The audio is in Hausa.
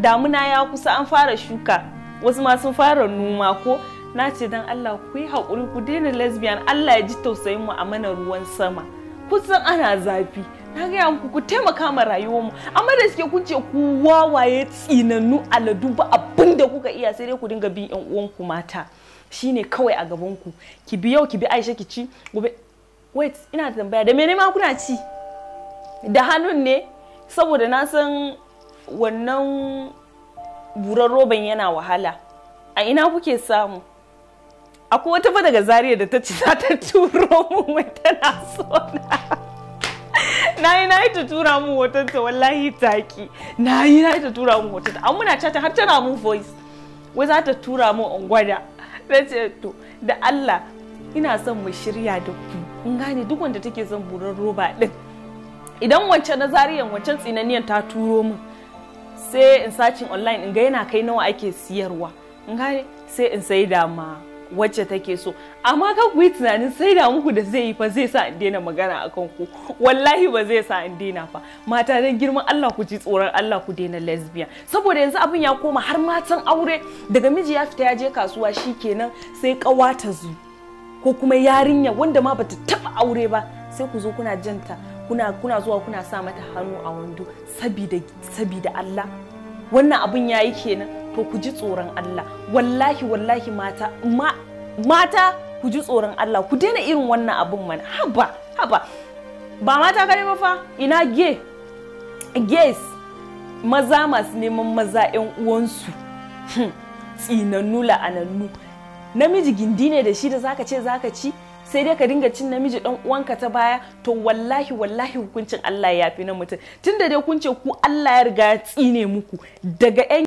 damuna ya kusa an fara shuka wasu ma sun fara noma ko na ce dan Allah ku yi haƙuri ku daina lesbian Allah ya ji tausayin mu a mana ruwan sama kusan ana zafi na gaya muku ku taimaka ma rayuwar mu amma da suke kun ce ku wawaye tsinannu aladu ba abin da kuka iya sai dai ku dinga bin yan uwanku mata shine kawai a gaban ku ki bi yau ki bi Aisha ki ci gobe wait ina tambaya da me ne ma kuna ci da hannun ne saboda na san wannan buran roban yana wahala a ina kuke samu akwai wata fa daga zariya da ta ci za ta turo mu mai tana so na yi na yi ta tura mu hotonta wallahi taki na yi na yi ta tura mu hotonta an muna cata har tana mun voice wai za ta tura mu in gwada na ce to da Allah ina son mu shirya da ku in gane duk wanda take son buran roba din idan wancan na zariyan wancan tsinaniyan ta turo min sai in sacin online in ga yana kai nawa ake siyarwa in gane sai in sai da ma wacce take so amma ka ku yi tunanin sai da muku da zai yi fa zai sa in daina magana akan ku wallahi ba zai sa in daina fa mata dan girman Allah ku ji tsoron Allah ku daina lesbian saboda yanzu abin ya koma har matan aure daga miji ya fita ya je kasuwa shikenan sai ta zu ko kuma yarinya wanda ma bata taba aure ba sai ku zo kuna janta kuna kuna zuwa kuna sa mata hannu a wando sabida saboda Allah wannan abun yayi kenan to ku ji tsoron Allah wallahi wallahi mata ma, mata ku ji tsoron Allah ku daina irin wannan abun mana haba haba ba mata kare ba fa ina ge? ges maza masu neman maza yan uwansu hm. tsinannu la'anannu namiji gindi ne da shi da zaka ce zaka ci sai dai ka dinga cin namiji dan uwanka ta baya to wallahi wallahi hukuncin Allah ya fi na mutum tunda dai kun ce ku Allah ya riga tsine muku daga